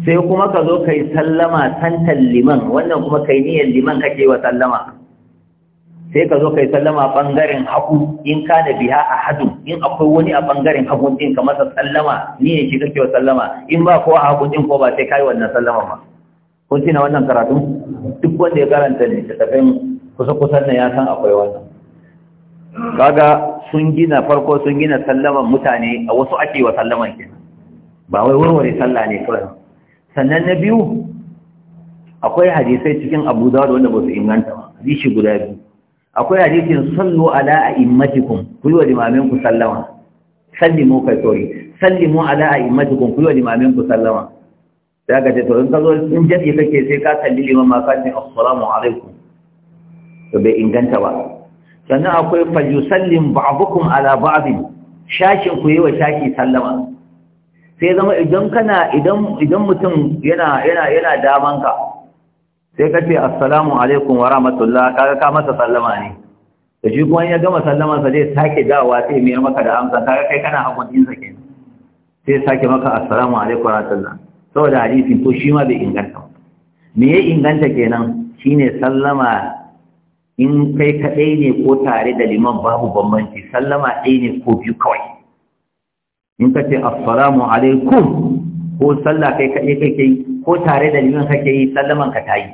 sai kuma ka zo ka yi sallama santan liman wannan kuma ka yi niyan liman kake wa sallama sai ka zo kai sallama a bangaren hagu in ka da biha a hadu in akwai wani a bangaren hagu din ka masa sallama ni ne shi kake wa sallama in ba ko a hagu din ko ba sai kai wannan sallama ba kun tuna wannan karatu duk wanda ya karanta ne tafin kusa kusan ne ya san akwai wannan kaga sun gina farko sun gina sallaman mutane a wasu ake wa sallaman ke ba wai warware sallah ne kawai sannan na biyu akwai hadisai cikin abu da wanda ba su inganta ba hadisi guda biyu akwai hadisin sallu ala a'immatikum kuyi wa limamin ku sallama sallimu kai sorry sallimu ala a'immatikum kuyi yi wa limamin ku sallama da ka ce to in ka zo in jabi kake sai ka salli liman ma ka assalamu alaikum to bai inganta ba sannan akwai falyusallim ba'dukum ala ba'd shashin ku yi wa shaki sallama sai zama idan kana idan idan mutum yana yana yana damanka sai ka ce assalamu alaikum wa rahmatullah kaga ka masa sallama ne da shi kuma ya gama sallaman sa zai sake dawowa sai mai maka da amsa kaga kai kana hakun din sake kenan sai sake maka assalamu alaikum wa rahmatullah saboda hadisi to shi ma bai inganta ba me ya inganta kenan shine sallama in kai kaɗai ne ko tare da liman babu bambanci sallama ɗaya ne ko biyu kawai in ka ce assalamu alaikum ko sallah kai kaɗai kai kai ko tare da liman kake yi sallaman ka ta yi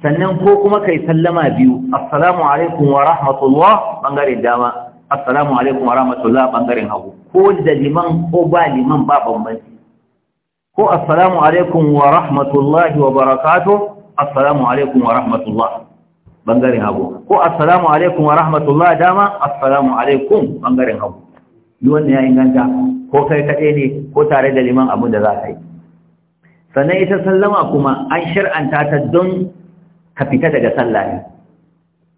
sannan ko kuma kai sallama biyu assalamu alaikum wa rahmatullah bangaren dama assalamu alaikum wa rahmatullah bangaren hagu ko da liman ko ba liman ba bambanci ko assalamu alaikum wa rahmatullahi wa barakatuh assalamu alaikum wa rahmatullah bangaren hagu ko assalamu alaikum wa rahmatullah dama assalamu alaikum bangaren hagu duk wanda ya inganta ko kai kaɗai ne ko tare da liman abin da za ka yi sannan ita sallama kuma an shir'anta ta don ka fita daga sallah ne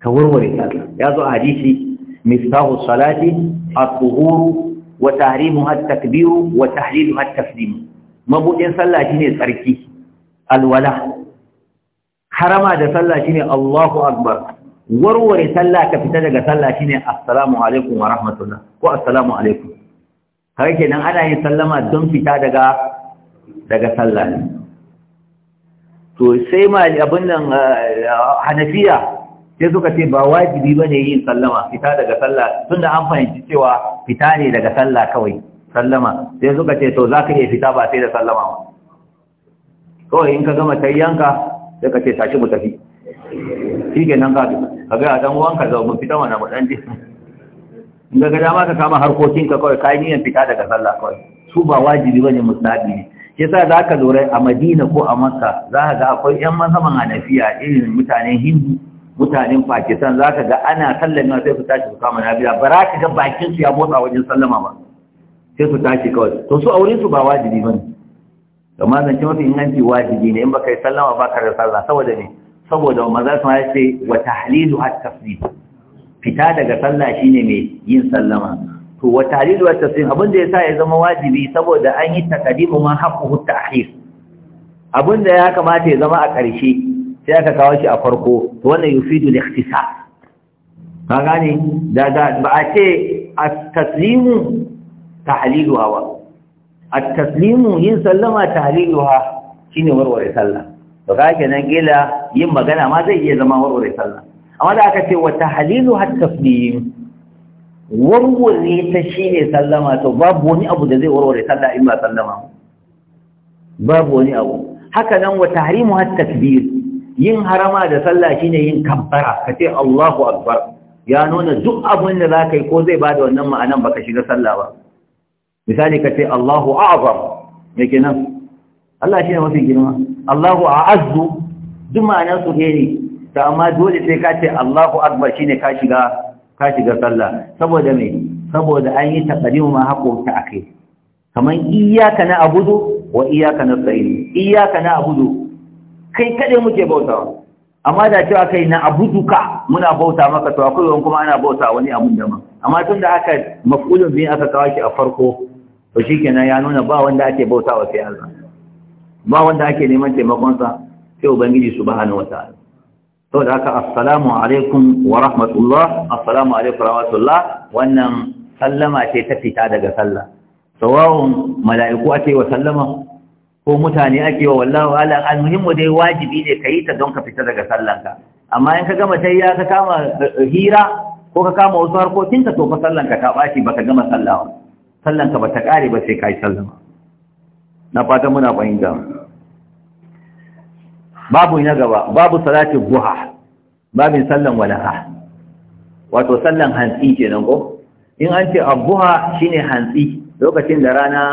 ka warware sallah ya zo a hadisi mistahu salati at-tuhuru wa tahrimu at-takbiru wa tahlilu at-taslimu mabudin sallah shine tsarki alwala harama da sallah shine Allahu akbar warware sallah ka fita daga sallah shine assalamu alaikum wa rahmatullah ko assalamu alaikum har kenan ana yin sallama don fita daga daga sallah to sai ma abin nan eh, hanafiya sai suka ce ba wajibi ba ne yin sallama fita daga sallah tunda an fahimci cewa fita ne daga sallah kawai sallama sai suka ce to za ka iya fita ba sai da sallama ba kawai in ka gama tayyanka sai ka ce tashi mu tafi shi ke nan ka ka ga dan wanka zau mun fita wannan mu dan je in ga dama ka kama harkokinka kawai ka yi niyyar fita daga sallah kawai su ba wajibi ba ne musnadi ne yasa za ka lura a madina ko a masa za ka ga akwai 'yan mazaman hanafiya irin mutanen hindu mutanen pakistan za ka ga ana sallama sai su tashi su kama nafiya ba za ka ga su ya motsa wajen sallama ba sai su tashi kawai to su aure su ba wajibi ba ne amma zance mafi inganci wajibi ne in ba kai sallama ba ka da sallah saboda ne saboda maza su ce wa tahlilu at tasbih fita daga sallah shine mai yin sallama to wa talil wa taslim abin da yasa ya zama wajibi saboda an yi takadimu ma haqqu ta'khir abin da ya kamata ya zama a ƙarshe sai aka kawo shi a farko to wannan yufidu al ikhtisar ka gane da da ba a ce at-taslimu tahliluha wa at-taslimu yin sallama tahliluha shine warware sallah to ka kenan kila yin magana ma zai iya zama warware sallah amma da aka ce wa tahlilu hat taslim warware ta shi ne sallama to babu wani abu da zai warware sallah in ba sallama babu wani abu haka nan wa tahrimu hat takbir yin harama da sallah shine yin kabbara ce Allahu akbar ya nuna duk abin da zaka yi ko zai bada wannan ma'anan baka shiga sallah ba misali ka ce Allahu a'zam yake nan Allah shine mafi girma Allahu a'azzu duk ma'anar su ne ta amma dole sai ka ce Allahu akbar shine ka shiga ka shiga sallah saboda me saboda an yi taqdimu ma a akai kaman iyyaka na abudu wa iyyaka tsayi. iyyaka na abudu kai kade muke bautawa amma da cewa kai na ka muna bauta maka to akwai wani kuma ana bauta wani abun da ma amma tun da aka maf'ulun bi aka kawo shi a farko to shikenan ya nuna ba wanda ake bauta wa sai Allah ba wanda ake neman taimakon sa sai ubangiji subhanahu wataala Sau da haka assalamu alaikum wa rahmatullah assalamu alaikum wa rahmatullah wannan sallama ce ta fita daga sallah sawawun mala'iku ake wa sallama ko mutane ake wa wallahu ala almuhimmu dai wajibi ne ka yi ta don ka fita daga sallanka amma in ka gama tayya ka kama eh, hira ko ka kama wasu harkokin ka to fa sallanka ta bashi ka gama sallawa sallanka ba ta kare ba sai ka yi sallama na fata muna fahimta babu na gaba babu salatin buha, babin sallan walaha wato sallan hantsi kenan ko in an ce abuha shine hantsi lokacin da rana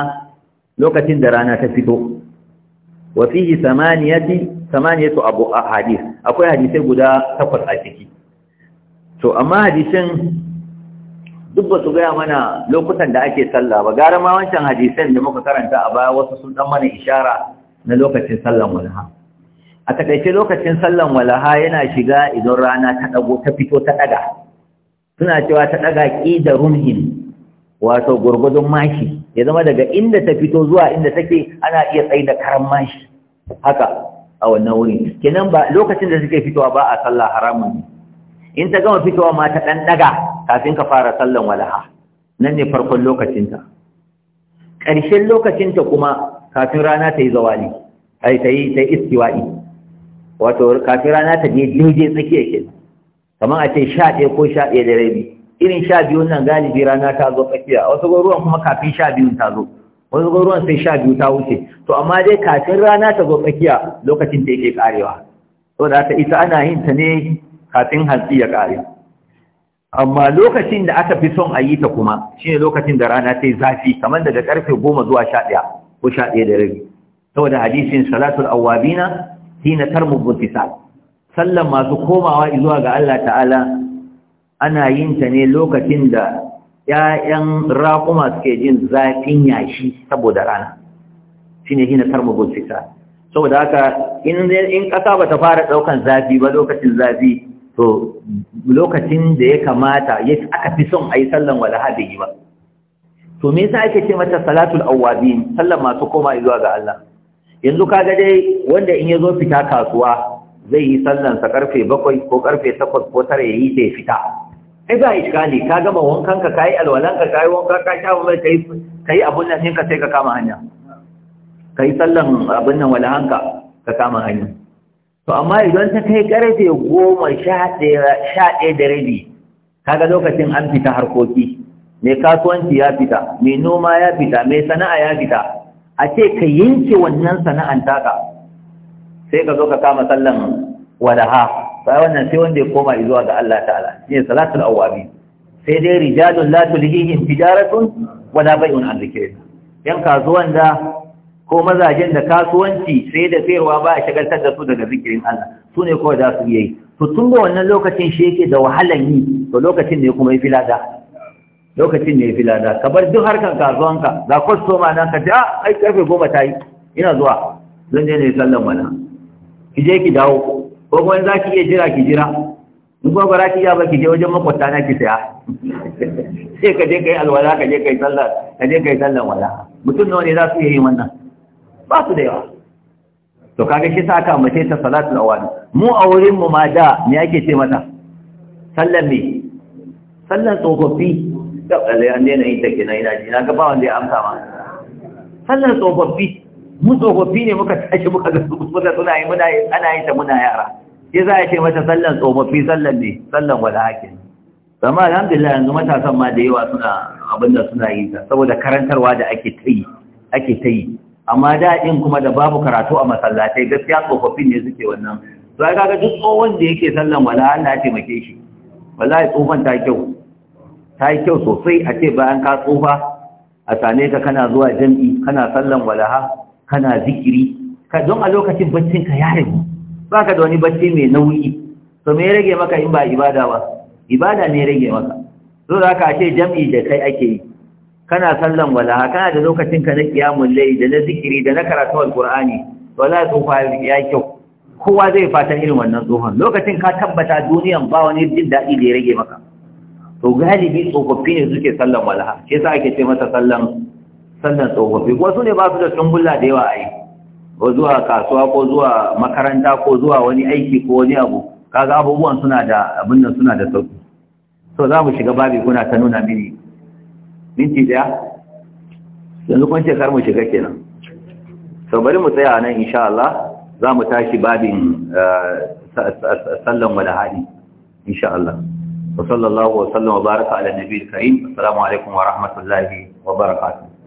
lokacin da rana ta fito wa fihi samaniyati samaniyatu abu ahadith akwai hadisai guda takwas a ciki to amma hadisin duk ba su gaya mana lokutan da ake sallah ba gara ma wancan hadisan da muka karanta a baya wasu sun dan mana ishara na lokacin sallan walha a takaice lokacin sallan walaha yana shiga idan rana ta dago ta fito ta daga suna cewa ta daga qida rumhin wato gurgudun mashi ya zama daga inda ta fito zuwa inda take ana iya tsayi da karan mashi haka a wannan wuri kenan ba lokacin da suke fitowa ba a sallah haramun in ta gama fitowa ma ta dan daga kafin ka fara sallan walaha nan ne farkon lokacinta ƙarshen lokacinta kuma kafin rana ta yi zawali ai ta yi ta istiwa'i wato kafin rana ta je daidai tsakiya ke kamar a ce sha ɗaya ko sha ɗaya da rabi irin sha biyun nan galibi rana ta zo tsakiya wasu ruwan kuma kafin sha biyun ta zo wasu ruwan sai sha biyu ta wuce to amma dai kafin rana ta zo tsakiya lokacin da yake karewa to da ta ita ana yin ta ne kafin hantsi ya kare amma lokacin da aka fi son a yi ta kuma shine lokacin da rana ta yi zafi kamar daga karfe goma zuwa sha ɗaya ko sha ɗaya da rabi saboda hadisin salatul awwabina hina tarmubu tisal sallan masu komawa zuwa ga Allah ta'ala ana yin ta ne lokacin da ‘ya'yan raƙuma suke jin zafin yashi saboda rana shi ne hina tarmubu tisal saboda haka in ƙasa ba ta fara ɗaukan zafi ba lokacin zafi to lokacin da ya kamata ya aka fi son a yi sallan wala yi ba to me yasa ake ce mata salatul awwabin sallan masu koma zuwa ga Allah yanzu kaga dai wanda in ya zo fita kasuwa zai yi sallansa karfe bakwai ko karfe takwas ko tara ya yi zai fita ai ba iskali ka gama wankanka ka yi alwalanka ka yi wanka ka sha mai kai kai abun nan ka sai ka kama hanya ka yi sallan abun nan walahanka ka kama hanya to amma idan ta kai karfe goma sha ɗaya da rabi kaga lokacin an fita harkoki mai kasuwanci ya fita mai noma ya fita mai sana'a ya fita a ce ka yanke wannan sana'an taka sai ka zo ka kama sallan wadaha sai wannan sai wanda ya koma zuwa ga Allah ta'ala ne salatul awabi sai dai rijalun la tulhihim tijaratun la bay'un an zikri yan kasuwan da ko mazajen da kasuwanci sai da sayarwa ba a shagaltar da su daga zikirin Allah su ne kawai za su yi to tun da wannan lokacin shi yake da wahalan yi to lokacin ne kuma ya fi lada lokacin ne fi lada ka bar duk harkar kasuwanka za ku so ma nan ka ce a ah, ai karfe goma ta yi ina zuwa zan je ne sallan mana ki je ki dawo ko kuma za ki iya jira ki jira in kuma bara ki iya ba ki je wajen makwabta na ki saya sai ka je kai alwala ka je kai sallah ka je kai sallar wala mutum nawa ne za su iya yin wannan ba su da yawa to kaga shi sa aka mace ta salatul awani mu a wurin mu ma da me ake ce mata Sallan me Sallan tsofaffi da kalle an daina yin take na ina ji na ga ba wanda ya amsa ma sallar tsofaffi mu tsofaffi ne muka tashi muka ga muka suna yi muna ana yin ta muna yara sai za a ce mata sallan tsofaffi sallan ne sallan wala hakin Zama alhamdulillah yanzu matasan ma da yawa suna abin da suna yi ta saboda karantarwa da ake ta yi ake ta yi amma daɗin kuma da babu karatu a masallatai gaskiya tsofaffin ne suke wannan to ai kaga duk tsohon da yake sallan wala Allah ya taimake shi wallahi tsofan ta kyau ta yi kyau sosai a ce bayan ka tsufa a same ka kana zuwa jam'i kana sallan walaha kana zikiri ka don a lokacin baccin ka ya rabu ba ka da wani bacci mai nauyi to me rage maka in ba ibada ba ibada ne rage maka so za ka ce jam'i da kai ake yi kana sallan walaha kana da lokacin ka na kiyamun lai da na zikiri da na karatu alkur'ani wala tsufa ya kyau kowa zai fatan irin wannan tsohon lokacin ka tabbata duniyan ba wani jin daɗi da ya rage maka to galibi tsofaffi ne suke sallan walaha Ke sa ake ce masa sallan sallan tsofaffi wasu ne ba su da tumbulla da yawa ai ko zuwa kasuwa ko zuwa makaranta ko zuwa wani aiki ko wani abu kaga abubuwan suna da abin nan suna da sauki so za mu shiga babi kuna ta nuna mini minti daya yanzu kun ce kar mu shiga kenan so bari mu tsaya nan insha Allah za mu tashi babin eh, sallan walaha insha Allah wa sallallahu wa wa baraka ala nabiyil karim assalamu alaikum wa rahmatullahi wa barakatuh